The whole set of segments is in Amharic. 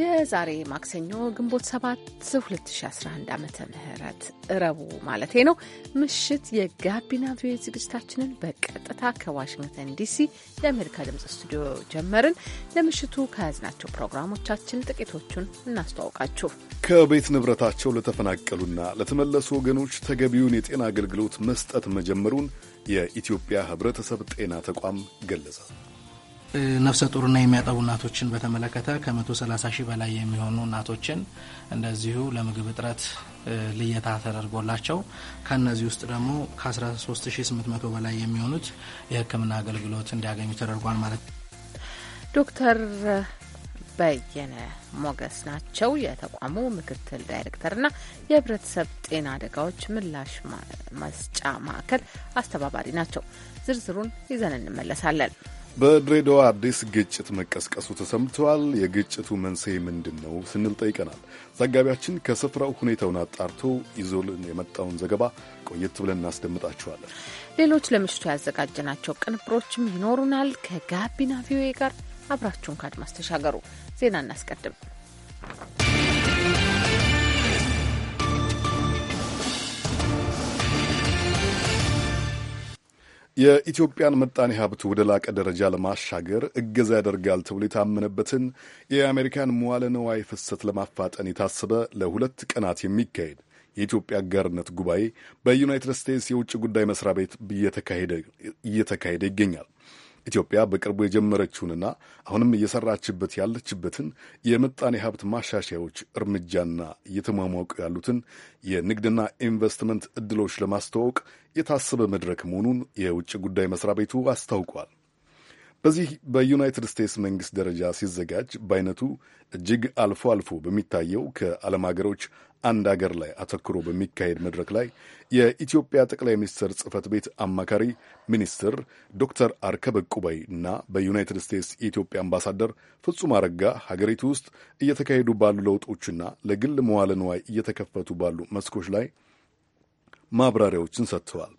የዛሬ ማክሰኞ ግንቦት 7 2011 ዓ ም እረቡ ማለቴ ነው ምሽት የጋቢና ቪኦኤ ዝግጅታችንን በቀጥታ ከዋሽንግተን ዲሲ የአሜሪካ ድምጽ ስቱዲዮ ጀመርን። ለምሽቱ ከያዝናቸው ፕሮግራሞቻችን ጥቂቶቹን እናስተዋውቃችሁ። ከቤት ንብረታቸው ለተፈናቀሉና ለተመለሱ ወገኖች ተገቢውን የጤና አገልግሎት መስጠት መጀመሩን የኢትዮጵያ ሕብረተሰብ ጤና ተቋም ገለጸ። ነፍሰ ጡርና የሚያጠቡ እናቶችን በተመለከተ ከ130 ሺህ በላይ የሚሆኑ እናቶችን እንደዚሁ ለምግብ እጥረት ልየታ ተደርጎላቸው ከእነዚህ ውስጥ ደግሞ ከ13800 በላይ የሚሆኑት የሕክምና አገልግሎት እንዲያገኙ ተደርጓል ማለት ነው። ዶክተር በየነ ሞገስ ናቸው የተቋሙ ምክትል ዳይሬክተርና የህብረተሰብ ጤና አደጋዎች ምላሽ መስጫ ማዕከል አስተባባሪ ናቸው። ዝርዝሩን ይዘን እንመለሳለን። በድሬዳዋ አዲስ ግጭት መቀስቀሱ ተሰምተዋል። የግጭቱ መንስኤ ምንድን ነው ስንል ጠይቀናል። ዘጋቢያችን ከስፍራው ሁኔታውን አጣርቶ ይዞልን የመጣውን ዘገባ ቆየት ብለን እናስደምጣችኋለን። ሌሎች ለምሽቱ ያዘጋጀናቸው ቅንብሮችም ይኖሩናል። ከጋቢና ቪኦኤ ጋር አብራችሁን ከአድማስ ተሻገሩ። ዜና እናስቀድም። የኢትዮጵያን ምጣኔ ሀብት ወደ ላቀ ደረጃ ለማሻገር እገዛ ያደርጋል ተብሎ የታመነበትን የአሜሪካን መዋለ ነዋይ ፍሰት ለማፋጠን የታሰበ ለሁለት ቀናት የሚካሄድ የኢትዮጵያ አጋርነት ጉባኤ በዩናይትድ ስቴትስ የውጭ ጉዳይ መስሪያ ቤት እየተካሄደ ይገኛል። ኢትዮጵያ በቅርቡ የጀመረችውንና አሁንም እየሰራችበት ያለችበትን የምጣኔ ሀብት ማሻሻያዎች እርምጃና እየተሟሟቁ ያሉትን የንግድና ኢንቨስትመንት እድሎች ለማስተዋወቅ የታሰበ መድረክ መሆኑን የውጭ ጉዳይ መስሪያ ቤቱ አስታውቋል። በዚህ በዩናይትድ ስቴትስ መንግስት ደረጃ ሲዘጋጅ በአይነቱ እጅግ አልፎ አልፎ በሚታየው ከዓለም ሀገሮች አንድ አገር ላይ አተኩሮ በሚካሄድ መድረክ ላይ የኢትዮጵያ ጠቅላይ ሚኒስትር ጽህፈት ቤት አማካሪ ሚኒስትር ዶክተር አርከበ ቁበይ እና በዩናይትድ ስቴትስ የኢትዮጵያ አምባሳደር ፍጹም አረጋ ሀገሪቱ ውስጥ እየተካሄዱ ባሉ ለውጦችና ለግል መዋለ ንዋይ እየተከፈቱ ባሉ መስኮች ላይ ማብራሪያዎችን ሰጥተዋል።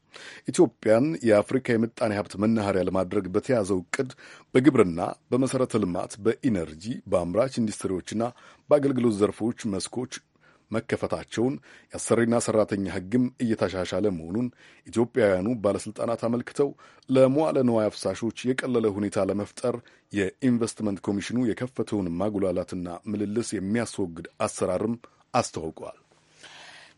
ኢትዮጵያን የአፍሪካ የምጣኔ ሀብት መናኸሪያ ለማድረግ በተያዘው እቅድ በግብርና፣ በመሠረተ ልማት፣ በኢነርጂ፣ በአምራች ኢንዱስትሪዎችና በአገልግሎት ዘርፎች መስኮች መከፈታቸውን የአሰሪና ሰራተኛ ሕግም እየተሻሻለ መሆኑን ኢትዮጵያውያኑ ባለሥልጣናት አመልክተው ለመዋለ ነዋይ አፍሳሾች የቀለለ ሁኔታ ለመፍጠር የኢንቨስትመንት ኮሚሽኑ የከፈተውን ማጉላላትና ምልልስ የሚያስወግድ አሰራርም አስተዋውቀዋል።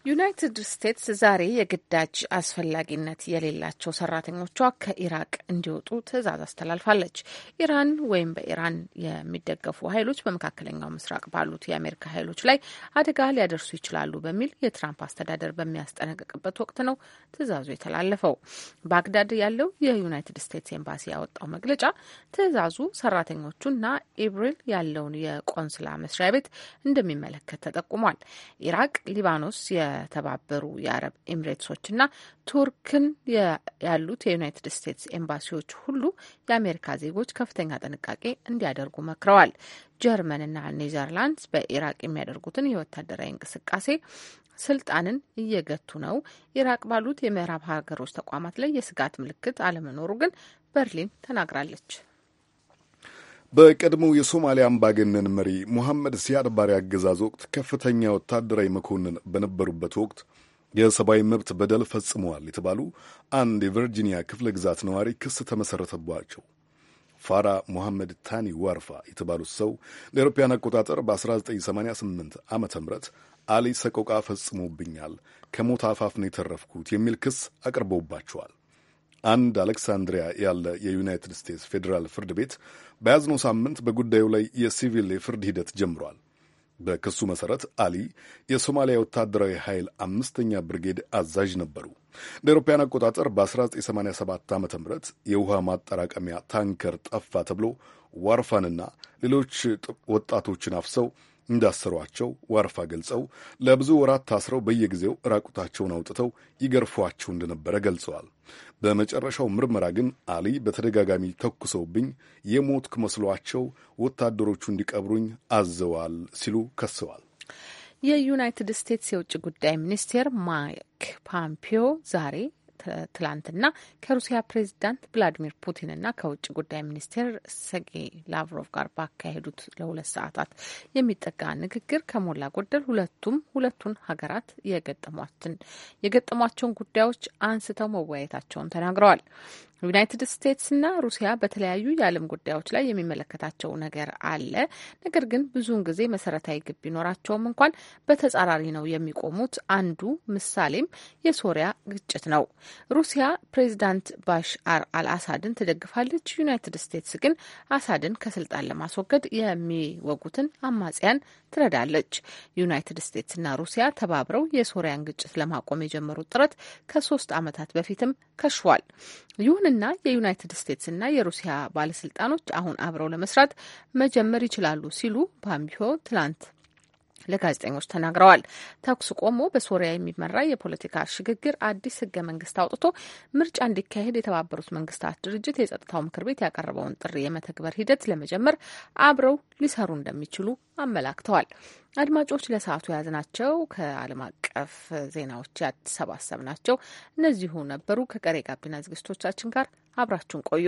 ዩናይትድ ስቴትስ ዛሬ የግዳጅ አስፈላጊነት የሌላቸው ሰራተኞቿ ከኢራቅ እንዲወጡ ትዕዛዝ አስተላልፋለች። ኢራን ወይም በኢራን የሚደገፉ ኃይሎች በመካከለኛው ምስራቅ ባሉት የአሜሪካ ኃይሎች ላይ አደጋ ሊያደርሱ ይችላሉ በሚል የትራምፕ አስተዳደር በሚያስጠነቅቅበት ወቅት ነው ትዕዛዙ የተላለፈው። ባግዳድ ያለው የዩናይትድ ስቴትስ ኤምባሲ ያወጣው መግለጫ ትዕዛዙ ሰራተኞቹና ኢብሪል ያለውን የቆንስላ መስሪያ ቤት እንደሚመለከት ተጠቁሟል። ኢራቅ ሊባኖስ የተባበሩ የአረብ ኤሚሬትሶችና ቱርክን ያሉት የዩናይትድ ስቴትስ ኤምባሲዎች ሁሉ የአሜሪካ ዜጎች ከፍተኛ ጥንቃቄ እንዲያደርጉ መክረዋል። ጀርመንና ኔዘርላንድስ በኢራቅ የሚያደርጉትን የወታደራዊ እንቅስቃሴ ስልጣንን እየገቱ ነው። ኢራቅ ባሉት የምዕራብ ሀገሮች ተቋማት ላይ የስጋት ምልክት አለመኖሩ ግን በርሊን ተናግራለች። በቀድሞው የሶማሊያ አምባገነን መሪ ሙሐመድ ሲያድ ባር አገዛዝ ወቅት ከፍተኛ ወታደራዊ መኮንን በነበሩበት ወቅት የሰብአዊ መብት በደል ፈጽመዋል የተባሉ አንድ የቨርጂኒያ ክፍለ ግዛት ነዋሪ ክስ ተመሠረተባቸው። ፋራ ሙሐመድ ታኒ ዋርፋ የተባሉት ሰው ለአውሮፓውያን አቆጣጠር በ1988 ዓ ም አሊ ሰቆቃ ፈጽሞብኛል፣ ከሞት አፋፍ ነው የተረፍኩት የሚል ክስ አቅርበውባቸዋል። አንድ አሌክሳንድሪያ ያለ የዩናይትድ ስቴትስ ፌዴራል ፍርድ ቤት በያዝነው ሳምንት በጉዳዩ ላይ የሲቪል የፍርድ ሂደት ጀምሯል። በክሱ መሠረት አሊ የሶማሊያ ወታደራዊ ኃይል አምስተኛ ብርጌድ አዛዥ ነበሩ። እንደ አውሮፓውያን አቆጣጠር በ1987 ዓ ም የውሃ ማጠራቀሚያ ታንከር ጠፋ ተብሎ ዋርፋንና ሌሎች ወጣቶችን አፍሰው እንዳሰሯቸው ዋርፋ ገልጸው ለብዙ ወራት ታስረው በየጊዜው ራቁታቸውን አውጥተው ይገርፏቸው እንደነበረ ገልጸዋል። በመጨረሻው ምርመራ ግን አሊ በተደጋጋሚ ተኩሰውብኝ የሞት መስሏቸው ወታደሮቹ እንዲቀብሩኝ አዘዋል ሲሉ ከሰዋል። የዩናይትድ ስቴትስ የውጭ ጉዳይ ሚኒስቴር ማይክ ፓምፒዮ ዛሬ ትላንትና ከሩሲያ ፕሬዚዳንት ቭላዲሚር ፑቲንና ከውጭ ጉዳይ ሚኒስቴር ሰርጌይ ላቭሮቭ ጋር ባካሄዱት ለሁለት ሰዓታት የሚጠጋ ንግግር ከሞላ ጎደል ሁለቱም ሁለቱን ሀገራት የገጠሟትን የገጠሟቸውን ጉዳዮች አንስተው መወያየታቸውን ተናግረዋል። ዩናይትድ ስቴትስና ሩሲያ በተለያዩ የዓለም ጉዳዮች ላይ የሚመለከታቸው ነገር አለ። ነገር ግን ብዙውን ጊዜ መሰረታዊ ግብ ቢኖራቸውም እንኳን በተጻራሪ ነው የሚቆሙት። አንዱ ምሳሌም የሶሪያ ግጭት ነው። ሩሲያ ፕሬዚዳንት ባሻር አልአሳድን ትደግፋለች። ዩናይትድ ስቴትስ ግን አሳድን ከስልጣን ለማስወገድ የሚወጉትን አማጽያን ትረዳለች። ዩናይትድ ስቴትስና ሩሲያ ተባብረው የሶሪያን ግጭት ለማቆም የጀመሩት ጥረት ከሶስት ዓመታት በፊትም ከሽፏል። ይሁን ይሁንና የዩናይትድ ስቴትስና የሩሲያ ባለስልጣኖች አሁን አብረው ለመስራት መጀመር ይችላሉ ሲሉ ፖምፒዮ ትላንት ለጋዜጠኞች ተናግረዋል። ተኩስ ቆሞ በሶሪያ የሚመራ የፖለቲካ ሽግግር አዲስ ህገ መንግስት አውጥቶ ምርጫ እንዲካሄድ የተባበሩት መንግስታት ድርጅት የጸጥታው ምክር ቤት ያቀረበውን ጥሪ የመተግበር ሂደት ለመጀመር አብረው ሊሰሩ እንደሚችሉ አመላክተዋል። አድማጮች ለሰዓቱ ናቸው። ከዓለም አቀፍ ዜናዎች ናቸው። እነዚሁ ነበሩ። ከቀሪ ጋቢና ዝግጅቶቻችን ጋር አብራችሁን ቆዩ።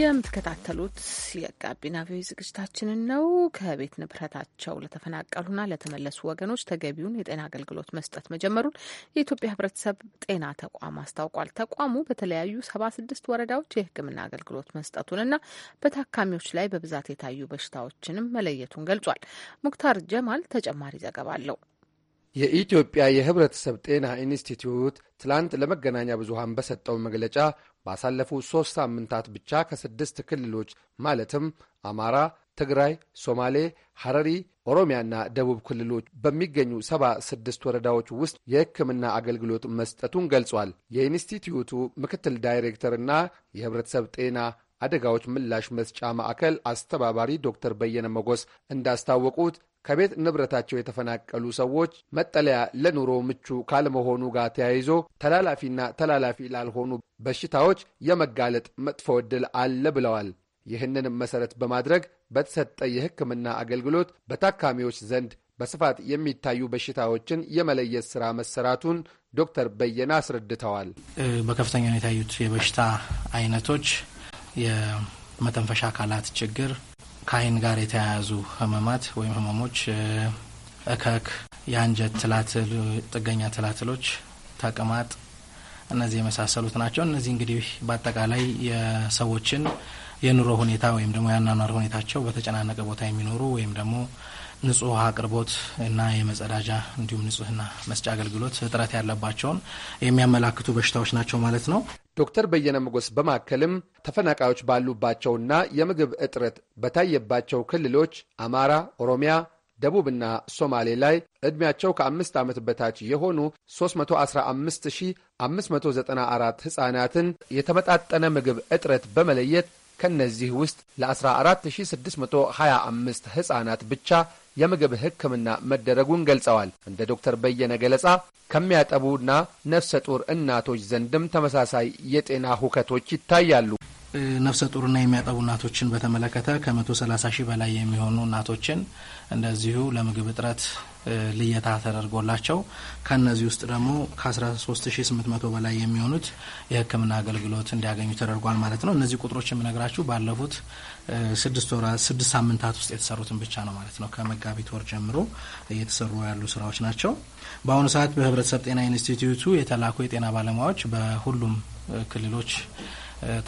የምትከታተሉት የጋቢና ቪኦኤ ዝግጅታችንን ነው። ከቤት ንብረታቸው ለተፈናቀሉና ለተመለሱ ወገኖች ተገቢውን የጤና አገልግሎት መስጠት መጀመሩን የኢትዮጵያ ሕብረተሰብ ጤና ተቋም አስታውቋል። ተቋሙ በተለያዩ ሰባ ስድስት ወረዳዎች የሕክምና አገልግሎት መስጠቱንና በታካሚዎች ላይ በብዛት የታዩ በሽታዎችንም መለየቱን ገልጿል። ሙክታር ጀማል ተጨማሪ ዘገባ አለው። የኢትዮጵያ የህብረተሰብ ጤና ኢንስቲትዩት ትላንት ለመገናኛ ብዙሃን በሰጠው መግለጫ ባሳለፉ ሦስት ሳምንታት ብቻ ከስድስት ክልሎች ማለትም አማራ፣ ትግራይ፣ ሶማሌ፣ ሐረሪ፣ ኦሮሚያና ደቡብ ክልሎች በሚገኙ ሰባ ስድስት ወረዳዎች ውስጥ የሕክምና አገልግሎት መስጠቱን ገልጿል። የኢንስቲትዩቱ ምክትል ዳይሬክተርና የህብረተሰብ ጤና አደጋዎች ምላሽ መስጫ ማዕከል አስተባባሪ ዶክተር በየነ መጎስ እንዳስታወቁት ከቤት ንብረታቸው የተፈናቀሉ ሰዎች መጠለያ ለኑሮ ምቹ ካለመሆኑ ጋር ተያይዞ ተላላፊና ተላላፊ ላልሆኑ በሽታዎች የመጋለጥ መጥፎ ዕድል አለ ብለዋል። ይህንን መሠረት በማድረግ በተሰጠ የሕክምና አገልግሎት በታካሚዎች ዘንድ በስፋት የሚታዩ በሽታዎችን የመለየት ስራ መሰራቱን ዶክተር በየነ አስረድተዋል። በከፍተኛ ሁኔታ የታዩት የበሽታ አይነቶች የመተንፈሻ አካላት ችግር፣ ከአይን ጋር የተያያዙ ህመማት ወይም ህመሞች እከክ፣ የአንጀት ትላትል፣ ጥገኛ ትላትሎች፣ ተቅማጥ እነዚህ የመሳሰሉት ናቸው። እነዚህ እንግዲህ በአጠቃላይ የሰዎችን የኑሮ ሁኔታ ወይም ደግሞ የአኗኗር ሁኔታቸው በተጨናነቀ ቦታ የሚኖሩ ወይም ደግሞ ንጹህ ውሃ አቅርቦት እና የመጸዳጃ እንዲሁም ንጹህና መስጫ አገልግሎት እጥረት ያለባቸውን የሚያመላክቱ በሽታዎች ናቸው ማለት ነው። ዶክተር በየነ መጎስ በማከልም ተፈናቃዮች ባሉባቸውና የምግብ እጥረት በታየባቸው ክልሎች አማራ፣ ኦሮሚያ፣ ደቡብና ሶማሌ ላይ ዕድሜያቸው ከአምስት ዓመት በታች የሆኑ 315594 ሕፃናትን የተመጣጠነ ምግብ እጥረት በመለየት ከእነዚህ ውስጥ ለ14625 ሕፃናት ብቻ የምግብ ሕክምና መደረጉን ገልጸዋል። እንደ ዶክተር በየነ ገለጻ ከሚያጠቡና ነፍሰ ጡር እናቶች ዘንድም ተመሳሳይ የጤና ሁከቶች ይታያሉ። ነፍሰ ጡርና የሚያጠቡ እናቶችን በተመለከተ ከ130 ሺህ በላይ የሚሆኑ እናቶችን እንደዚሁ ለምግብ እጥረት ልየታ ተደርጎላቸው ከእነዚህ ውስጥ ደግሞ ከ13800 በላይ የሚሆኑት የህክምና አገልግሎት እንዲያገኙ ተደርጓል ማለት ነው። እነዚህ ቁጥሮች የምነግራችሁ ባለፉት ስድስት ወራት ስድስት ሳምንታት ውስጥ የተሰሩትን ብቻ ነው ማለት ነው። ከመጋቢት ወር ጀምሮ እየተሰሩ ያሉ ስራዎች ናቸው። በአሁኑ ሰዓት በህብረተሰብ ጤና ኢንስቲትዩቱ የተላኩ የጤና ባለሙያዎች በሁሉም ክልሎች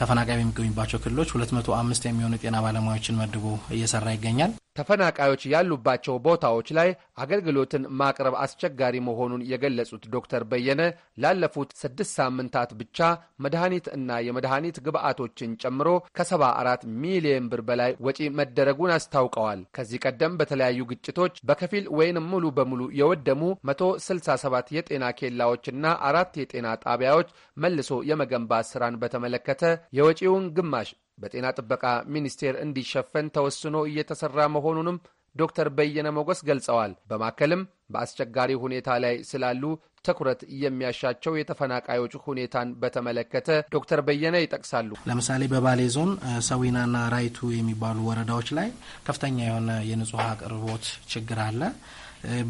ተፈናቃይ በሚገኙባቸው ክልሎች ሁለት መቶ አምስት የሚሆኑ የጤና ባለሙያዎችን መድቦ እየሰራ ይገኛል። ተፈናቃዮች ያሉባቸው ቦታዎች ላይ አገልግሎትን ማቅረብ አስቸጋሪ መሆኑን የገለጹት ዶክተር በየነ ላለፉት ስድስት ሳምንታት ብቻ መድኃኒት እና የመድኃኒት ግብዓቶችን ጨምሮ ከ74 ሚሊዮን ብር በላይ ወጪ መደረጉን አስታውቀዋል። ከዚህ ቀደም በተለያዩ ግጭቶች በከፊል ወይንም ሙሉ በሙሉ የወደሙ 167 የጤና ኬላዎችና አራት የጤና ጣቢያዎች መልሶ የመገንባት ስራን በተመለከተ የወጪውን ግማሽ በጤና ጥበቃ ሚኒስቴር እንዲሸፈን ተወስኖ እየተሰራ መሆኑንም ዶክተር በየነ ሞገስ ገልጸዋል። በማከልም በአስቸጋሪ ሁኔታ ላይ ስላሉ ትኩረት የሚያሻቸው የተፈናቃዮች ሁኔታን በተመለከተ ዶክተር በየነ ይጠቅሳሉ። ለምሳሌ በባሌ ዞን ሰዊናና ራይቱ የሚባሉ ወረዳዎች ላይ ከፍተኛ የሆነ የንጹህ አቅርቦት ችግር አለ።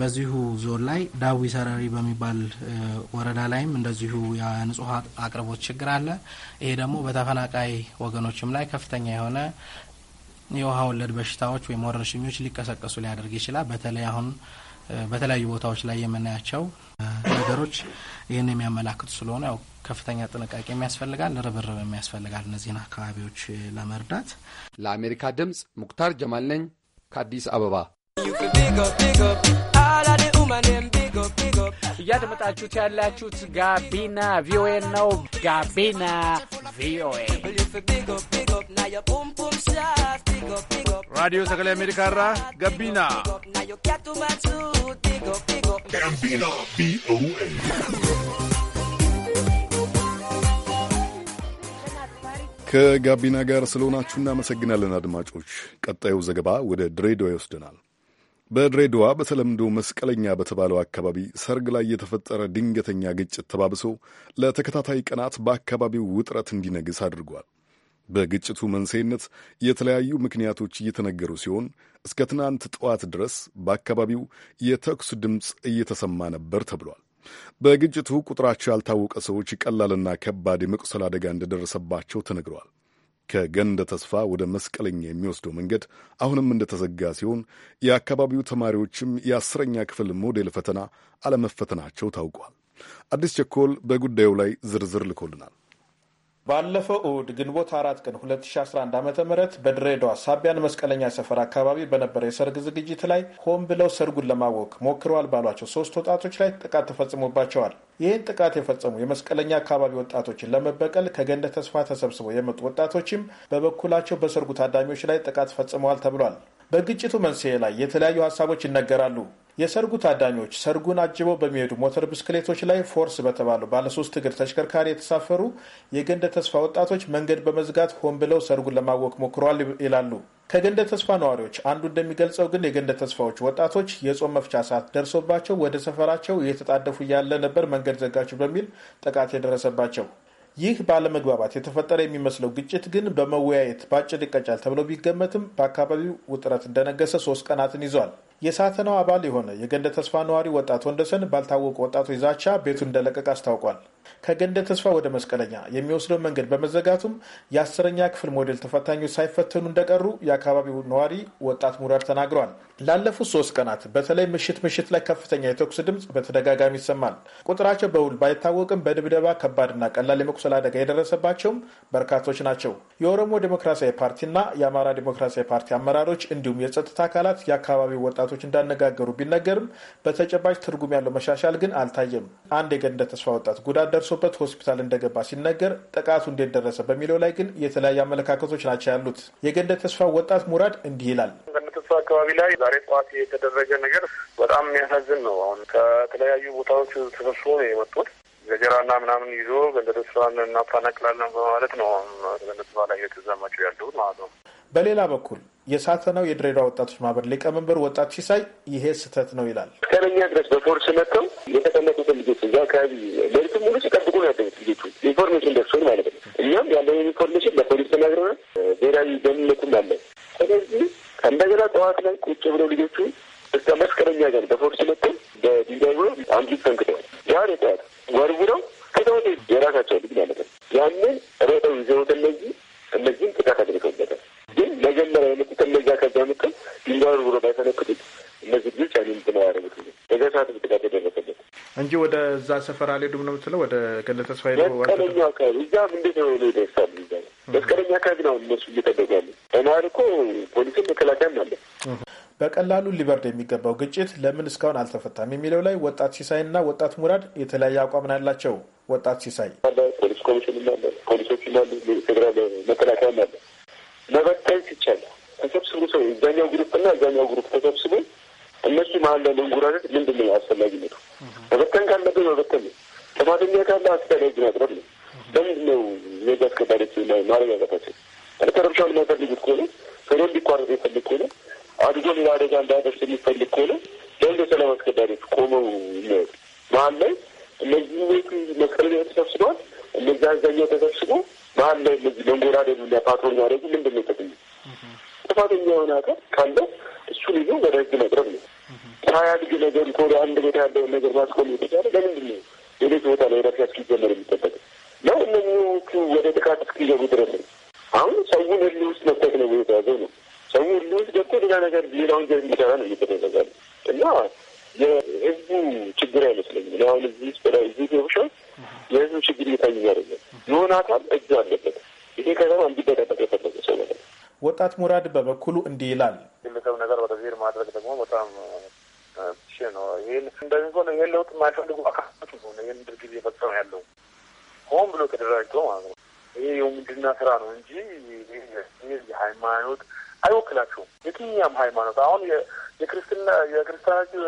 በዚሁ ዞን ላይ ዳዊ ሰረሪ በሚባል ወረዳ ላይም እንደዚሁ የንጹህ አቅርቦት ችግር አለ። ይሄ ደግሞ በተፈናቃይ ወገኖችም ላይ ከፍተኛ የሆነ የውሃ ወለድ በሽታዎች ወይም ወረርሽኞች ሊቀሰቀሱ ሊያደርግ ይችላል። በተለይ አሁን በተለያዩ ቦታዎች ላይ የምናያቸው ነገሮች ይህን የሚያመላክቱ ስለሆነ ያው ከፍተኛ ጥንቃቄ የሚያስፈልጋል፣ ርብርብ የሚያስፈልጋል እነዚህን አካባቢዎች ለመርዳት። ለአሜሪካ ድምፅ ሙክታር ጀማል ነኝ ከአዲስ አበባ። እያደመጣችሁት ያላችሁት ጋቢና ቪኦኤ ነው። ጋቢና ቪኦኤ ራዲዮ አሜሪካ ራ ጋቢና ጋቢና ቪኦኤ ከጋቢና ጋር ስለሆናችሁ እናመሰግናለን አድማጮች። ቀጣዩ ዘገባ ወደ ድሬዳዋ ይወስደናል። በድሬዳዋ በተለምዶ መስቀለኛ በተባለው አካባቢ ሰርግ ላይ የተፈጠረ ድንገተኛ ግጭት ተባብሶ ለተከታታይ ቀናት በአካባቢው ውጥረት እንዲነግስ አድርጓል። በግጭቱ መንስኤነት የተለያዩ ምክንያቶች እየተነገሩ ሲሆን እስከ ትናንት ጠዋት ድረስ በአካባቢው የተኩስ ድምፅ እየተሰማ ነበር ተብሏል። በግጭቱ ቁጥራቸው ያልታወቀ ሰዎች ቀላልና ከባድ የመቁሰል አደጋ እንደደረሰባቸው ተነግረዋል። ከገንደ ተስፋ ወደ መስቀለኛ የሚወስደው መንገድ አሁንም እንደተዘጋ ሲሆን የአካባቢው ተማሪዎችም የአስረኛ ክፍል ሞዴል ፈተና አለመፈተናቸው ታውቋል። አዲስ ቸኮል በጉዳዩ ላይ ዝርዝር ልኮልናል። ባለፈው እሁድ ግንቦት አራት ቀን 2011 ዓ ም በድሬዳዋ ሳቢያን መስቀለኛ ሰፈር አካባቢ በነበረ የሰርግ ዝግጅት ላይ ሆን ብለው ሰርጉን ለማወቅ ሞክረዋል ባሏቸው ሶስት ወጣቶች ላይ ጥቃት ተፈጽሞባቸዋል። ይህን ጥቃት የፈጸሙ የመስቀለኛ አካባቢ ወጣቶችን ለመበቀል ከገንደ ተስፋ ተሰብስበው የመጡ ወጣቶችም በበኩላቸው በሰርጉ ታዳሚዎች ላይ ጥቃት ፈጽመዋል ተብሏል። በግጭቱ መንስኤ ላይ የተለያዩ ሀሳቦች ይነገራሉ። የሰርጉ ታዳሚዎች ሰርጉን አጅበው በሚሄዱ ሞተር ብስክሌቶች ላይ ፎርስ በተባሉ ባለሶስት እግር ተሽከርካሪ የተሳፈሩ የገንደ ተስፋ ወጣቶች መንገድ በመዝጋት ሆን ብለው ሰርጉን ለማወቅ ሞክረዋል ይላሉ። ከገንደ ተስፋ ነዋሪዎች አንዱ እንደሚገልጸው ግን የገንደ ተስፋዎች ወጣቶች የጾም መፍቻ ሰዓት ደርሶባቸው ወደ ሰፈራቸው እየተጣደፉ እያለ ነበር መንገድ ዘጋችሁ በሚል ጥቃት የደረሰባቸው። ይህ ባለመግባባት የተፈጠረ የሚመስለው ግጭት ግን በመወያየት በአጭር ይቀጫል ተብሎ ቢገመትም በአካባቢው ውጥረት እንደነገሰ ሶስት ቀናትን ይዟል። የሳተናው አባል የሆነ የገንደ ተስፋ ነዋሪ ወጣት ወንደሰን ባልታወቁ ወጣቶች ዛቻ ቤቱን እንደለቀቀ አስታውቋል። ከገንደ ተስፋ ወደ መስቀለኛ የሚወስደው መንገድ በመዘጋቱም የአስረኛ ክፍል ሞዴል ተፈታኞች ሳይፈተኑ እንደቀሩ የአካባቢው ነዋሪ ወጣት ሙራድ ተናግሯል። ላለፉት ሶስት ቀናት በተለይ ምሽት ምሽት ላይ ከፍተኛ የተኩስ ድምፅ በተደጋጋሚ ይሰማል። ቁጥራቸው በውል ባይታወቅም በድብደባ ከባድና ቀላል የመቁሰ የመቁሰል አደጋ የደረሰባቸውም በርካቶች ናቸው። የኦሮሞ ዴሞክራሲያዊ ፓርቲና የአማራ ዴሞክራሲያዊ ፓርቲ አመራሮች እንዲሁም የጸጥታ አካላት የአካባቢው ወጣቶች እንዳነጋገሩ ቢነገርም በተጨባጭ ትርጉም ያለው መሻሻል ግን አልታየም። አንድ የገንደ ተስፋ ወጣት ጉዳት ደርሶበት ሆስፒታል እንደገባ ሲነገር ጥቃቱ እንዴት ደረሰ በሚለው ላይ ግን የተለያዩ አመለካከቶች ናቸው ያሉት። የገንደ ተስፋ ወጣት ሙራድ እንዲህ ይላል። አካባቢ ላይ ዛሬ ጠዋት የተደረገ ነገር በጣም የሚያሳዝን ነው። አሁን ከተለያዩ ቦታዎች ተሰብስቦ ነው የመጡት ገጀራና ምናምን ይዞ ገንዘብ እናፋነቅላለን በማለት ነው ገንዘብ ላይ የተዛማቸው ያለው ማለት ነው። በሌላ በኩል የሳተናው የድሬዳዋ ወጣቶች ማህበር ሊቀመንበር ወጣት ሲሳይ ይሄ ስህተት ነው ይላል። እስከነኛ ድረስ በፎርስ መጥተው የተቀመጡትን ልጆች እዛ አካባቢ ሌሊቱን ሙሉ ሲጠብቁ ነው ያደሩት። ልጆቹ ኢንፎርሜሽን ደርሶን ማለት ነው። እኛም ያለን ኢንፎርሜሽን ለፖሊስ ተናግረናል። ብሔራዊ ደህንነቱም አለ። ስለዚህ ከእንደገና ጠዋት ላይ ቁጭ ብለው ልጆቹ እስከ መስቀለኛ ገን በፎርስ መጥተው በድንጋይ ብሎ አንዲት ፈንክተዋል። ዛሬ ጠዋት ወርውረው ከተወት የራሳቸው ልጅ ማለት ነው። ያንን ረጠው ይዘውት እነዚህ እነዚህም ጥቃት አድርገውበታል። ግን መጀመሪያ የመጡት እነዚያ ከዛ ምክል ድንጋይ ወርውሮ ባይተነክቱት እነዚህ ልጆች ያንን ነው ያደረጉት። በዛ ሰዓት ጥቃት የደረሰበት እንጂ ወደዛ ሰፈር አልሄዱም ነው የምትለው? ወደ ገለ ተስፋ ሄደ መስቀለኛ አካባቢ እዛ እንዴት ነው ሆነ ይደርሳሉ። እዛ መስቀለኛ አካባቢ ነው እነሱ እየጠበቁ ያሉ እማር እኮ ፖሊስም መከላከያም አለ በቀላሉ ሊበርድ የሚገባው ግጭት ለምን እስካሁን አልተፈታም የሚለው ላይ ወጣት ሲሳይና ወጣት ሙራድ የተለያየ አቋም ነው ያላቸው። ወጣት ሲሳይ ፖሊስ ኮሚሽን ፖሊሶች ፌዴራል መከላከያ አለ። መበተን ሲቻል ተሰብስቡ ሰው እዛኛው ግሩፕና እዛኛው ግሩፕ ተሰብስቡ እነሱ መሀል ላይ መንጎራደድ ምንድን ነው አስፈላጊነቱ? መበተን ካለብን መበተን ነው። ጥፋተኛ ካለ ነው። ለምንድን ነው የማይፈልጉት ከሆነ እንዲቋረጥ የፈልግ ከሆነ አድጎ ሌላ አደጋ እንዳይደርስ የሚፈልግ ከሆነ ለእንደ ሰላም አስከባሪዎች ቆመው ይለያሉ። መሀል ላይ እነዚህ ቤት መቀለያ ተሰብስበዋል። እነዚህ አብዛኛው ተሰብስቦ መሀል ላይ እነዚህ መንጎራደዱ እና ፓትሮኛ ማድረጉ ምንድን ነው ጥቅም? ጥፋተኛ የሆነ ሀገር ካለ እሱን ይዞ ወደ ህግ መቅረብ ነው። ሀያ ልጅ ነገር ከሆነ አንድ ቦታ ያለውን ነገር ማስቆም የተቻለ ለምንድን ነው የቤት ቦታ ላይ ረፊያ እስኪጀመር የሚጠበቅ ነው? እነዚህዎቹ ወደ ጥቃት እስኪገቡ ድረስ ነው። አሁን ሰውን ህል ውስጥ መጠቅ ነው የተያዘው ነው ሰው ሁሉ ውስጥ ሌላ ነገር ሌላ ወንጀል እንዲሰራ ነው እየተደረጋለ እና የህዝቡ ችግር አይመስለኝም። አሁን እዚህ ውስጥ ላይ እዚህ ገብሻ የህዝቡ ችግር እየታየ አይደለም። የሆነ አካል እጅ አለበት። ይሄ ከተማ እንዲበጠበጥ የፈለገ ሰው ማለት ነው። ወጣት ሙራድ በበኩሉ እንዲህ ይላል። ግለሰብ ነገር ወደዚህ ማድረግ ደግሞ በጣም ሽ ነው። ይህን እንደዚህ ሆነ። ይህን ለውጥ የማይፈልጉ አካላት ሆነ ይህን ድርጊት እየፈጸመ ያለው ሆን ብሎ ተደራጅቶ ማለት ነው። ይህ የውንድና ስራ ነው እንጂ ይህ የሃይማኖት አይወክላቸውም። የትኛም ሃይማኖት አሁን የክርስትና የክርስቲያናችን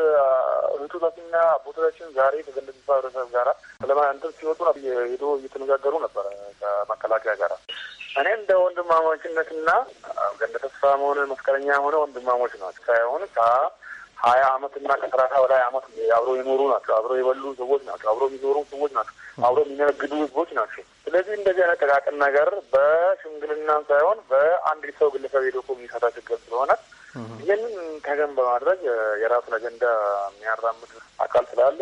እህቶቻችንና አቦቶቻችን ዛሬ ከገለጽ ህብረተሰብ ጋራ ስለማንትን ሲወጡ ሄዶ እየተነጋገሩ ነበረ ከመከላከያ ጋር እኔ እንደ ወንድማሞችነትና ገንደ ተስፋ መሆን መስቀለኛ የሆነ ወንድማሞች ናቸው ሳይሆን ከሀያ አመትና ከሰላሳ በላይ አመት አብሮ የኖሩ ናቸው። አብሮ የበሉ ሰዎች ናቸው። አብሮ የሚኖሩ ሰዎች ናቸው። አብሮ የሚነግዱ ህዝቦች ናቸው። ስለዚህ እንደዚህ አይነት ጥቃቅን ነገር በሽምግልናም ሳይሆን በአንድ ሰው ግለሰብ የዶኮ እኮ የሚፈታ ችግር ስለሆነ ይህንን ተገን በማድረግ የራሱን አጀንዳ የሚያራምድ አካል ስላለ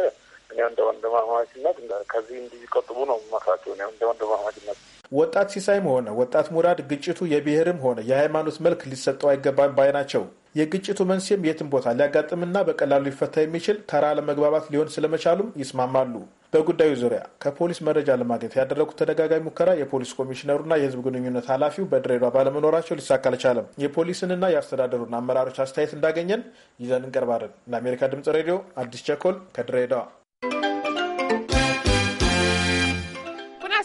እኔ እንደ ወንድማማችነት ከዚህ እንዲቆጥቡ ነው መስራቸው እኔ እንደ ወንድማማችነት ወጣት ሲሳይም ሆነ ወጣት ሙራድ ግጭቱ የብሔርም ሆነ የሃይማኖት መልክ ሊሰጠው አይገባም ባይ ናቸው። የግጭቱ መንስኤም የትም ቦታ ሊያጋጥምና በቀላሉ ሊፈታ የሚችል ተራ ለመግባባት ሊሆን ስለመቻሉም ይስማማሉ። በጉዳዩ ዙሪያ ከፖሊስ መረጃ ለማግኘት ያደረጉት ተደጋጋሚ ሙከራ የፖሊስ ኮሚሽነሩና የሕዝብ ግንኙነት ኃላፊው በድሬዳዋ ባለመኖራቸው ሊሳካ አልቻለም። የፖሊስንና የአስተዳደሩን አመራሮች አስተያየት እንዳገኘን ይዘን እንቀርባለን። ለአሜሪካ ድምጽ ሬዲዮ አዲስ ቸኮል ከድሬዳዋ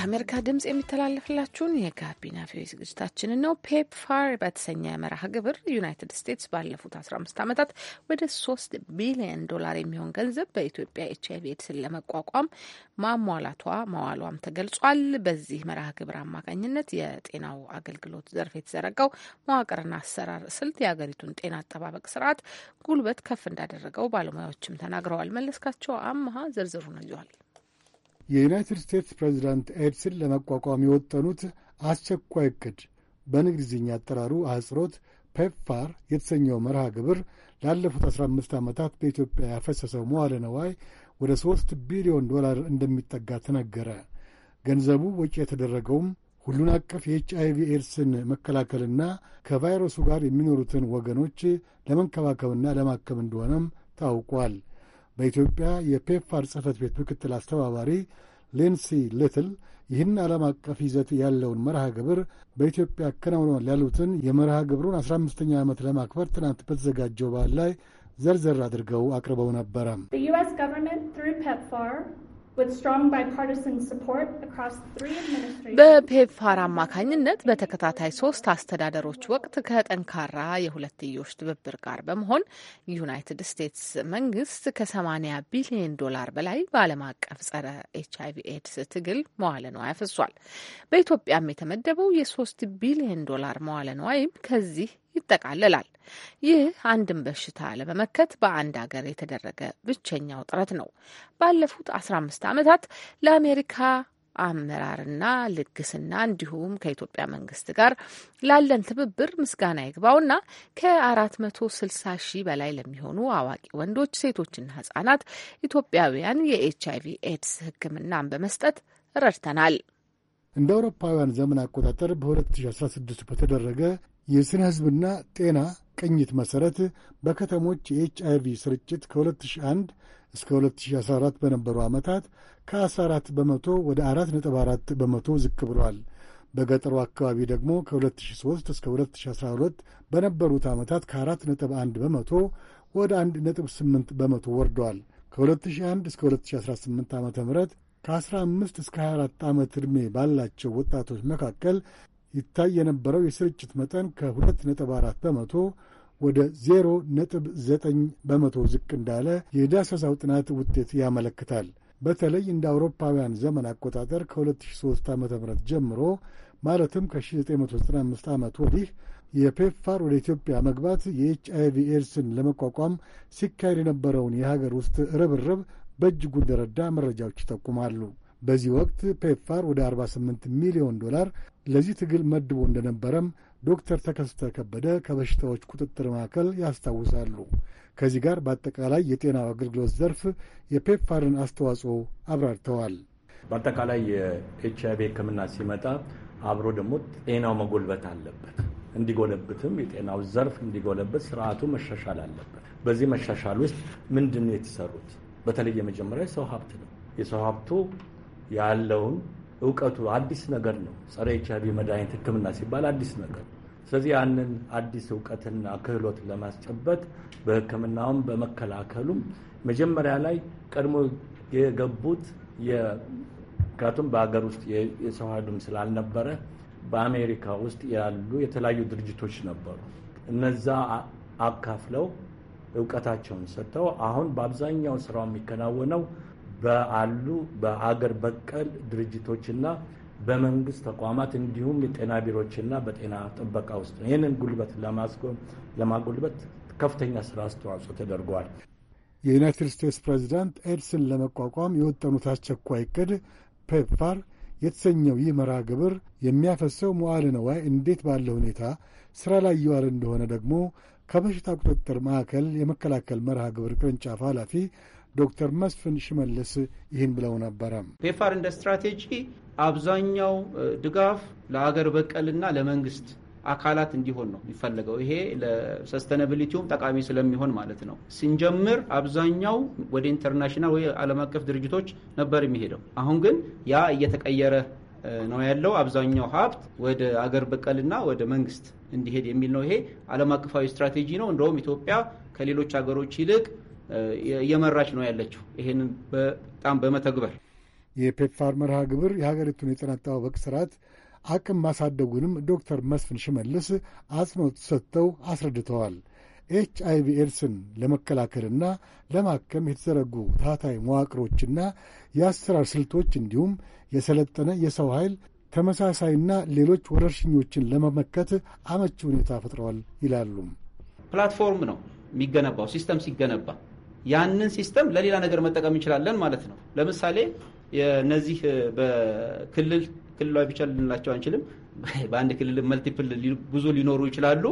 ከአሜሪካ ድምጽ የሚተላለፍላችሁን የጋቢና ቪኦኤ ዝግጅታችንን ነው። ፔፕፋር በተሰኘ መርሃ ግብር ዩናይትድ ስቴትስ ባለፉት 15 ዓመታት ወደ 3 ቢሊዮን ዶላር የሚሆን ገንዘብ በኢትዮጵያ ኤች አይቪ ኤድስን ለመቋቋም ማሟላቷ መዋሏም ተገልጿል። በዚህ መርሃ ግብር አማካኝነት የጤናው አገልግሎት ዘርፍ የተዘረጋው መዋቅርና አሰራር ስልት የሀገሪቱን ጤና አጠባበቅ ስርዓት ጉልበት ከፍ እንዳደረገው ባለሙያዎችም ተናግረዋል። መለስካቸው አመሀ ዝርዝሩን ይዟል። የዩናይትድ ስቴትስ ፕሬዚዳንት ኤድስን ለመቋቋም የወጠኑት አስቸኳይ እቅድ በእንግሊዝኛ አጠራሩ አህጽሮት ፔፕፋር የተሰኘው መርሃ ግብር ላለፉት 15 ዓመታት በኢትዮጵያ ያፈሰሰው መዋለ ነዋይ ወደ 3 ቢሊዮን ዶላር እንደሚጠጋ ተነገረ። ገንዘቡ ወጪ የተደረገውም ሁሉን አቀፍ የኤች ቪ ኤድስን መከላከልና ከቫይረሱ ጋር የሚኖሩትን ወገኖች ለመንከባከብና ለማከም እንደሆነም ታውቋል። በኢትዮጵያ የፔፕፋር ጽህፈት ቤት ምክትል አስተባባሪ ሌንሲ ልትል ይህን ዓለም አቀፍ ይዘት ያለውን መርሃ ግብር በኢትዮጵያ አከናውነዋል ያሉትን የመርሃ ግብሩን አስራ አምስተኛ ዓመት ለማክበር ትናንት በተዘጋጀው በዓል ላይ ዘርዘር አድርገው አቅርበው ነበረ። በፔፕፋር አማካኝነት በተከታታይ ሶስት አስተዳደሮች ወቅት ከጠንካራ የሁለትዮሽ ትብብር ጋር በመሆን ዩናይትድ ስቴትስ መንግስት ከ80 ቢሊዮን ዶላር በላይ በዓለም አቀፍ ጸረ ኤች አይቪ ኤድስ ትግል መዋለ ንዋይ አፍሷል። በኢትዮጵያም የተመደበው የ3 ቢሊዮን ዶላር መዋለ ንዋይም ከዚህ ይጠቃልላል። ይህ አንድን በሽታ ለመመከት በአንድ ሀገር የተደረገ ብቸኛው ጥረት ነው። ባለፉት አስራ አምስት ዓመታት ለአሜሪካ አመራርና ልግስና እንዲሁም ከኢትዮጵያ መንግስት ጋር ላለን ትብብር ምስጋና ይግባውና ከ ስልሳ ሺህ በላይ ለሚሆኑ አዋቂ ወንዶች፣ ሴቶችና ህጻናት ኢትዮጵያውያን የኤች አይቪ ኤድስ ሕክምናን በመስጠት ረድተናል። እንደ አውሮፓውያን ዘመን አቆጣጠር በ2016 በተደረገ የሥነ ሕዝብና ጤና ቅኝት መሠረት በከተሞች የኤች አይ ቪ ስርጭት ከ2001 እስከ 2014 በነበሩ ዓመታት ከ14 በመቶ ወደ 4.4 በመቶ ዝቅ ብሏል። በገጠሩ አካባቢ ደግሞ ከ2003 እስከ 2012 በነበሩት ዓመታት ከ4.1 በመቶ ወደ 1.8 በመቶ ወርደዋል። ከ2001 እስከ 2018 ዓ ም ከ15 እስከ 24 ዓመት ዕድሜ ባላቸው ወጣቶች መካከል ይታይ የነበረው የስርጭት መጠን ከ2.4 በመቶ ወደ 0.9 በመቶ ዝቅ እንዳለ የዳሰሳው ጥናት ውጤት ያመለክታል። በተለይ እንደ አውሮፓውያን ዘመን አቆጣጠር ከ2003 ዓ ም ጀምሮ ማለትም ከ1995 ዓመት ወዲህ የፔፕፋር ወደ ኢትዮጵያ መግባት የኤች ኤድስን ለመቋቋም ሲካሄድ የነበረውን የሀገር ውስጥ ርብርብ በእጅጉ እንደረዳ መረጃዎች ይጠቁማሉ። በዚህ ወቅት ፔፕፋር ወደ 48 ሚሊዮን ዶላር ለዚህ ትግል መድቦ እንደነበረም ዶክተር ተከስተ ከበደ ከበሽታዎች ቁጥጥር ማዕከል ያስታውሳሉ። ከዚህ ጋር በአጠቃላይ የጤናው አገልግሎት ዘርፍ የፔፕፋርን አስተዋጽኦ አብራርተዋል። በአጠቃላይ የኤች አይቪ ሕክምና ሲመጣ አብሮ ደግሞ ጤናው መጎልበት አለበት። እንዲጎለብትም የጤናው ዘርፍ እንዲጎለበት ስርዓቱ መሻሻል አለበት። በዚህ መሻሻል ውስጥ ምንድን ነው የተሰሩት? በተለይ የመጀመሪያ ሰው ሀብት ነው። የሰው ሀብቱ ያለውን እውቀቱ አዲስ ነገር ነው። ጸረ ኤች አይቪ መድኃኒት ህክምና ሲባል አዲስ ነገር ስለዚህ ያንን አዲስ እውቀትና ክህሎት ለማስጨበጥ በህክምናውም በመከላከሉም መጀመሪያ ላይ ቀድሞ የገቡት ምክንያቱም በሀገር ውስጥ የሰው ኃይሉም ስላልነበረ በአሜሪካ ውስጥ ያሉ የተለያዩ ድርጅቶች ነበሩ። እነዛ አካፍለው እውቀታቸውን ሰጥተው አሁን በአብዛኛው ስራው የሚከናወነው በአሉ በአገር በቀል ድርጅቶችና በመንግስት ተቋማት እንዲሁም የጤና ቢሮዎችና በጤና ጥበቃ ውስጥ ነው። ይህንን ጉልበት ለማጎልበት ከፍተኛ ስራ አስተዋጽኦ ተደርገዋል። የዩናይትድ ስቴትስ ፕሬዚዳንት ኤድስን ለመቋቋም የወጠኑት አስቸኳይ እቅድ ፔፕፋር የተሰኘው ይህ መርሃ ግብር የሚያፈሰው መዋዕለ ነዋይ እንዴት ባለ ሁኔታ ሥራ ላይ ይዋል እንደሆነ ደግሞ ከበሽታ ቁጥጥር ማዕከል የመከላከል መርሃ ግብር ቅርንጫፍ ኃላፊ ዶክተር መስፍን ሽመልስ ይህን ብለው ነበረ። ፔፋር እንደ ስትራቴጂ አብዛኛው ድጋፍ ለሀገር በቀልና ለመንግስት አካላት እንዲሆን ነው የሚፈለገው። ይሄ ለሰስተናብሊቲውም ጠቃሚ ስለሚሆን ማለት ነው። ስንጀምር አብዛኛው ወደ ኢንተርናሽናል ወይ ዓለም አቀፍ ድርጅቶች ነበር የሚሄደው። አሁን ግን ያ እየተቀየረ ነው ያለው። አብዛኛው ሀብት ወደ አገር በቀልና ወደ መንግስት እንዲሄድ የሚል ነው። ይሄ ዓለም አቀፋዊ ስትራቴጂ ነው። እንደውም ኢትዮጵያ ከሌሎች ሀገሮች ይልቅ እየመራች ነው ያለችው። ይህንን በጣም በመተግበር የፔፕፋር መርሃ ግብር የሀገሪቱን የጤና አጠባበቅ ስርዓት አቅም ማሳደጉንም ዶክተር መስፍን ሽመልስ አጽንኦት ሰጥተው አስረድተዋል። ኤች ቪ ኤድስን ለመከላከልና ለማከም የተዘረጉ ታታይ መዋቅሮችና የአሰራር ስልቶች እንዲሁም የሰለጠነ የሰው ኃይል ተመሳሳይና ሌሎች ወረርሽኞችን ለመመከት አመቺ ሁኔታ ፈጥረዋል ይላሉ። ፕላትፎርም ነው የሚገነባው ሲስተም ሲገነባ ያንን ሲስተም ለሌላ ነገር መጠቀም እንችላለን ማለት ነው። ለምሳሌ የነዚህ በክልል ክልላዊ ብቻ ልንላቸው አንችልም። በአንድ ክልል መልቲፕል ብዙ ሊኖሩ ይችላሉ።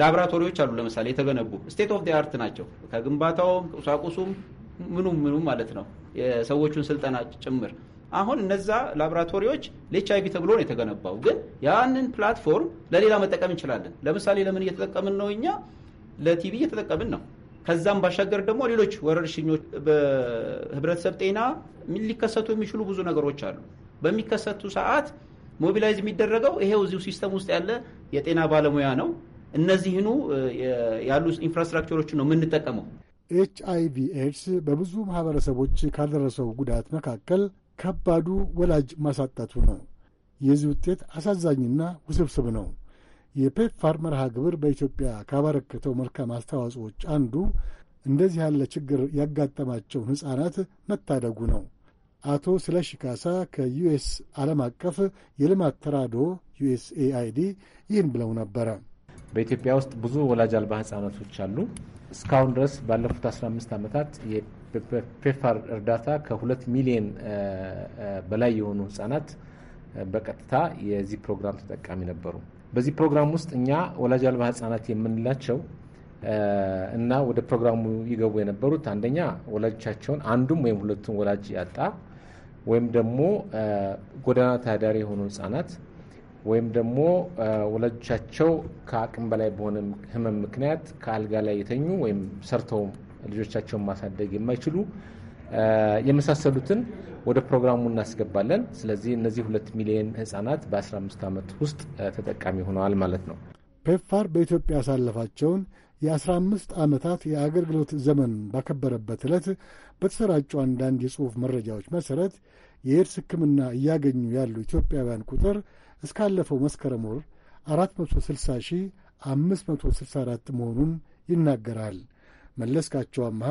ላቦራቶሪዎች አሉ ለምሳሌ የተገነቡ ስቴት ኦፍ ዲ አርት ናቸው። ከግንባታውም ቁሳቁሱም ምኑም ምኑም ማለት ነው የሰዎቹን ስልጠና ጭምር። አሁን እነዛ ላብራቶሪዎች ለኤች አይቪ ተብሎ ነው የተገነባው፣ ግን ያንን ፕላትፎርም ለሌላ መጠቀም እንችላለን። ለምሳሌ ለምን እየተጠቀምን ነው? እኛ ለቲቪ እየተጠቀምን ነው ከዛም ባሻገር ደግሞ ሌሎች ወረርሽኞች በህብረተሰብ ጤና ሊከሰቱ የሚችሉ ብዙ ነገሮች አሉ። በሚከሰቱ ሰዓት ሞቢላይዝ የሚደረገው ይሄው እዚሁ ሲስተም ውስጥ ያለ የጤና ባለሙያ ነው። እነዚህኑ ያሉ ኢንፍራስትራክቸሮችን ነው የምንጠቀመው። ኤች አይ ቪ ኤድስ በብዙ ማህበረሰቦች ካደረሰው ጉዳት መካከል ከባዱ ወላጅ ማሳጣቱ ነው። የዚህ ውጤት አሳዛኝና ውስብስብ ነው። የፔፕፋር መርሃ ግብር በኢትዮጵያ ካበረከተው መልካም አስተዋጽኦች አንዱ እንደዚህ ያለ ችግር ያጋጠማቸውን ሕፃናት መታደጉ ነው። አቶ ስለሺ ካሳ ከዩኤስ ዓለም አቀፍ የልማት ተራድኦ ዩኤስኤአይዲ ይህን ብለው ነበረ። በኢትዮጵያ ውስጥ ብዙ ወላጅ አልባ ሕፃናቶች አሉ። እስካሁን ድረስ ባለፉት 15 ዓመታት የፔፋር እርዳታ ከሁለት ሚሊዮን በላይ የሆኑ ሕፃናት በቀጥታ የዚህ ፕሮግራም ተጠቃሚ ነበሩ። በዚህ ፕሮግራም ውስጥ እኛ ወላጅ አልባ ህጻናት የምንላቸው እና ወደ ፕሮግራሙ ይገቡ የነበሩት አንደኛ ወላጆቻቸውን አንዱም ወይም ሁለቱም ወላጅ ያጣ ወይም ደግሞ ጎዳና ታዳሪ የሆኑ ህጻናት ወይም ደግሞ ወላጆቻቸው ከአቅም በላይ በሆነ ህመም ምክንያት ከአልጋ ላይ የተኙ ወይም ሰርተው ልጆቻቸውን ማሳደግ የማይችሉ የመሳሰሉትን ወደ ፕሮግራሙ እናስገባለን። ስለዚህ እነዚህ ሁለት ሚሊዮን ህጻናት በ15 ዓመት ውስጥ ተጠቃሚ ሆነዋል ማለት ነው። ፔፕፋር በኢትዮጵያ ያሳለፋቸውን የ15 ዓመታት የአገልግሎት ዘመን ባከበረበት ዕለት በተሰራጩ አንዳንድ የጽሑፍ መረጃዎች መሠረት የኤድስ ሕክምና እያገኙ ያሉ ኢትዮጵያውያን ቁጥር እስካለፈው መስከረም ወር 460 564 መሆኑን ይናገራል። መለስካቸው አምሃ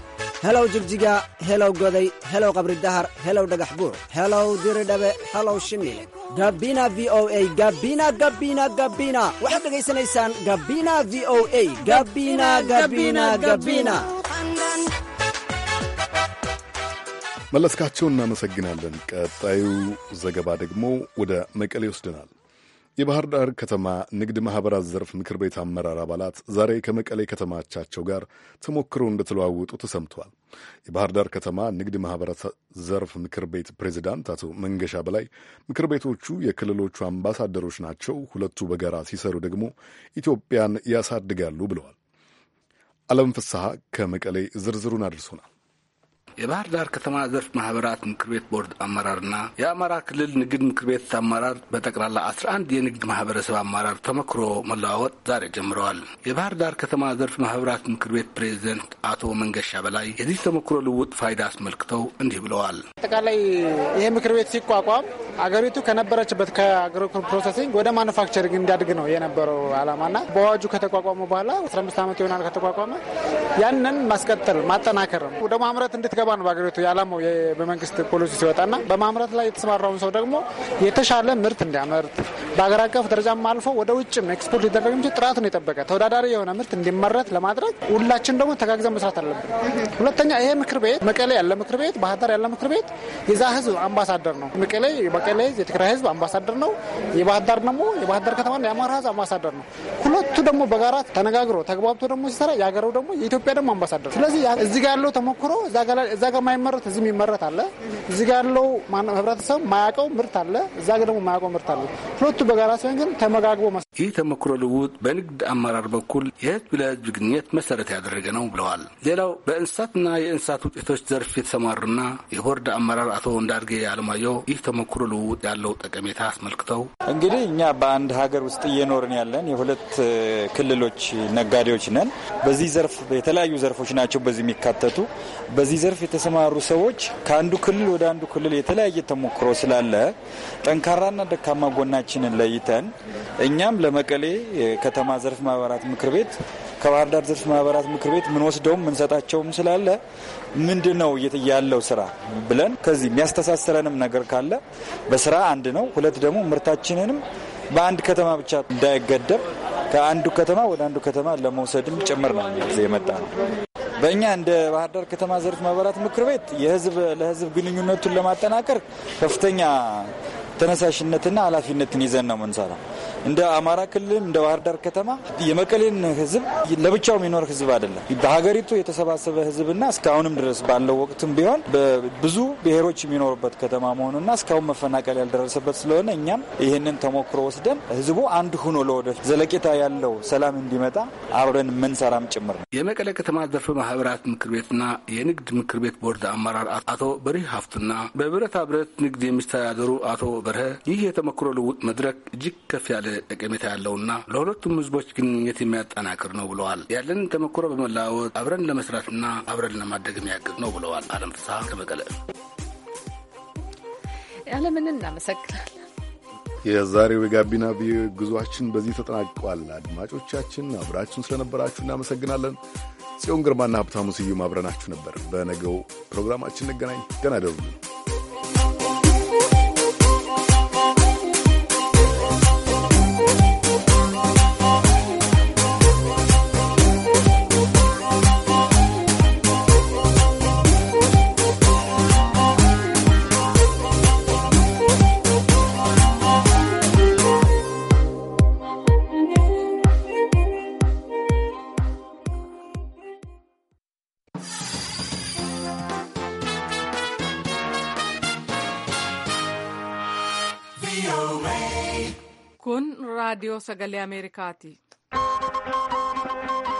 helow jigjiga helow goday helow qabri dahar helow dhagax buuc helow diridhabe helow shimil gabina v o a gabina gabina gabina waxaad dhegaysanaysaan gabina v o a gabina gabina gabina መለስካቸውን እናመሰግናለን። ቀጣዩ ዘገባ ደግሞ ወደ መቀሌ ይወስደናል። የባህር ዳር ከተማ ንግድ ማኅበራት ዘርፍ ምክር ቤት አመራር አባላት ዛሬ ከመቀሌ ከተማቻቸው ጋር ተሞክሮ እንደተለዋወጡ ተሰምቷል። የባህር ዳር ከተማ ንግድ ማኅበራት ዘርፍ ምክር ቤት ፕሬዚዳንት አቶ መንገሻ በላይ ምክር ቤቶቹ የክልሎቹ አምባሳደሮች ናቸው፣ ሁለቱ በጋራ ሲሰሩ ደግሞ ኢትዮጵያን ያሳድጋሉ ብለዋል። አለም ፍስሐ ከመቀሌ ዝርዝሩን አድርሶናል። የባህር ዳር ከተማ ዘርፍ ማህበራት ምክር ቤት ቦርድ አመራርና የአማራ ክልል ንግድ ምክር ቤት አመራር በጠቅላላ 11 የንግድ ማህበረሰብ አመራር ተመክሮ መለዋወጥ ዛሬ ጀምረዋል። የባህር ዳር ከተማ ዘርፍ ማህበራት ምክር ቤት ፕሬዚደንት አቶ መንገሻ በላይ የዚህ ተመክሮ ልውጥ ፋይዳ አስመልክተው እንዲህ ብለዋል። አጠቃላይ ይህ ምክር ቤት ሲቋቋም አገሪቱ ከነበረችበት ከአግሮ ፕሮሰሲንግ ወደ ማኑፋክቸሪንግ እንዲያድግ ነው የነበረው ዓላማና በአዋጁ ከተቋቋመ በኋላ 15 ዓመት ይሆናል ከተቋቋመ ያንን ማስቀጠል ማጠናከርም ደግሞ አምረት እንድትገባ ነው በአገሪቱ የዓላማው በመንግስት ፖሊሲ ሲወጣና በማምረት ላይ የተሰማራውን ሰው ደግሞ የተሻለ ምርት እንዲያመርት በሀገር አቀፍ ደረጃም አልፎ ወደ ውጭም ኤክስፖርት ሊደረግ እንጂ ጥራቱን የጠበቀ ተወዳዳሪ የሆነ ምርት እንዲመረት ለማድረግ ሁላችን ደግሞ ተጋግዘን መስራት አለብን። ሁለተኛ ይሄ ምክር ቤት መቀሌ ያለ ምክር ቤት፣ ባህርዳር ያለ ምክር ቤት የዛ ህዝብ አምባሳደር ነው። መቀሌ መቀሌ የትግራይ ህዝብ አምባሳደር ነው። የባህርዳር ደግሞ የባህርዳር ከተማ የአማራ ህዝብ አምባሳደር ነው። ሁለቱ ደግሞ በጋራ ተነጋግሮ ተግባብቶ ደግሞ ሲሰራ የሀገሩ ደግሞ የኢትዮጵያ ደግሞ አምባሳደር ነው። ስለዚህ እዚህ ጋር ያለው ተሞክሮ እዛ ጋር እዛ ጋር የማይመረት እዚህ የሚመረት አለ። እዚህ ጋር ያለው ህብረተሰብ ማያውቀው ምርት አለ፣ እዛ ጋር ደግሞ ማያውቀው ምርት አለ። ሁለቱ በጋራ ሲሆን ግን ተመጋግቦ ይህ ተሞክሮ ልውውጥ በንግድ አመራር በኩል የህዝብ ለህዝብ ግንኙነት መሰረት ያደረገ ነው ብለዋል። ሌላው በእንስሳትና የእንስሳት ውጤቶች ዘርፍ የተሰማሩና የቦርድ አመራር አቶ እንዳድጌ አለማየሁ ይህ ተሞክሮ ልውውጥ ያለው ጠቀሜታ አስመልክተው እንግዲህ እኛ በአንድ ሀገር ውስጥ እየኖርን ያለን የሁለት ክልሎች ነጋዴዎች ነን። በዚህ ዘርፍ የተለያዩ ዘርፎች ናቸው በዚህ የሚካተቱ በዚህ ዘርፍ የተሰማሩ ሰዎች ከአንዱ ክልል ወደ አንዱ ክልል የተለያየ ተሞክሮ ስላለ ጠንካራና ደካማ ጎናችንን ለይተን እኛም ለመቀሌ ከተማ ዘርፍ ማህበራት ምክር ቤት ከባህር ዳር ዘርፍ ማህበራት ምክር ቤት ምንወስደውም ምንሰጣቸውም ስላለ ምንድን ነው ያለው ስራ ብለን ከዚህ የሚያስተሳስረንም ነገር ካለ በስራ አንድ ነው። ሁለት ደግሞ ምርታችንንም በአንድ ከተማ ብቻ እንዳይገደብ ከአንዱ ከተማ ወደ አንዱ ከተማ ለመውሰድም ጭምር ነው የመጣ ነው። በእኛ እንደ ባህር ዳር ከተማ ዘርፍ ማህበራት ምክር ቤት የህዝብ ለህዝብ ግንኙነቱን ለማጠናከር ከፍተኛ ተነሳሽነትና ኃላፊነትን ይዘን ነው ምንሰራ። እንደ አማራ ክልልም እንደ ባህር ዳር ከተማ የመቀሌን ህዝብ ለብቻው የሚኖር ህዝብ አይደለም። በሀገሪቱ የተሰባሰበ ህዝብና እስካሁንም ድረስ ባለው ወቅትም ቢሆን ብዙ ብሔሮች የሚኖሩበት ከተማ መሆኑና እስካሁን መፈናቀል ያልደረሰበት ስለሆነ እኛም ይህንን ተሞክሮ ወስደን ህዝቡ አንድ ሆኖ ለወደፊት ዘለቄታ ያለው ሰላም እንዲመጣ አብረን ምንሰራም ጭምር ነው። የመቀሌ ከተማ ዘርፈ ማህበራት ምክር ቤትና የንግድ ምክር ቤት ቦርድ አመራር አቶ በሪህ ሀፍቱና በብረታ ብረት ንግድ የሚስተዳደሩ አቶ በርሀ ይህ የተሞክሮ ልውጥ መድረክ እጅግ ከፍ ያለ ጠቀሜታ ያለውና ለሁለቱም ህዝቦች ግንኙነት የሚያጠናክር ነው ብለዋል። ያለን ተሞክሮ በመለዋወጥ አብረን ለመስራትና አብረን ለማደግ የሚያግዝ ነው ብለዋል። አለም ፍስሀ ከመቀለ። ያለምን እናመሰግናል። የዛሬው የጋቢና ቪኦኤ ጉዟችን በዚህ ተጠናቋል። አድማጮቻችን አብራችሁን ስለነበራችሁ እናመሰግናለን። ጽዮን ግርማና ሀብታሙ ስዩም አብረናችሁ ነበር። በነገው ፕሮግራማችን እንገናኝ። ደህና እደሩ። Radio Sagale Americati.